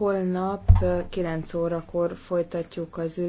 Holnap 9 órakor folytatjuk az ülést.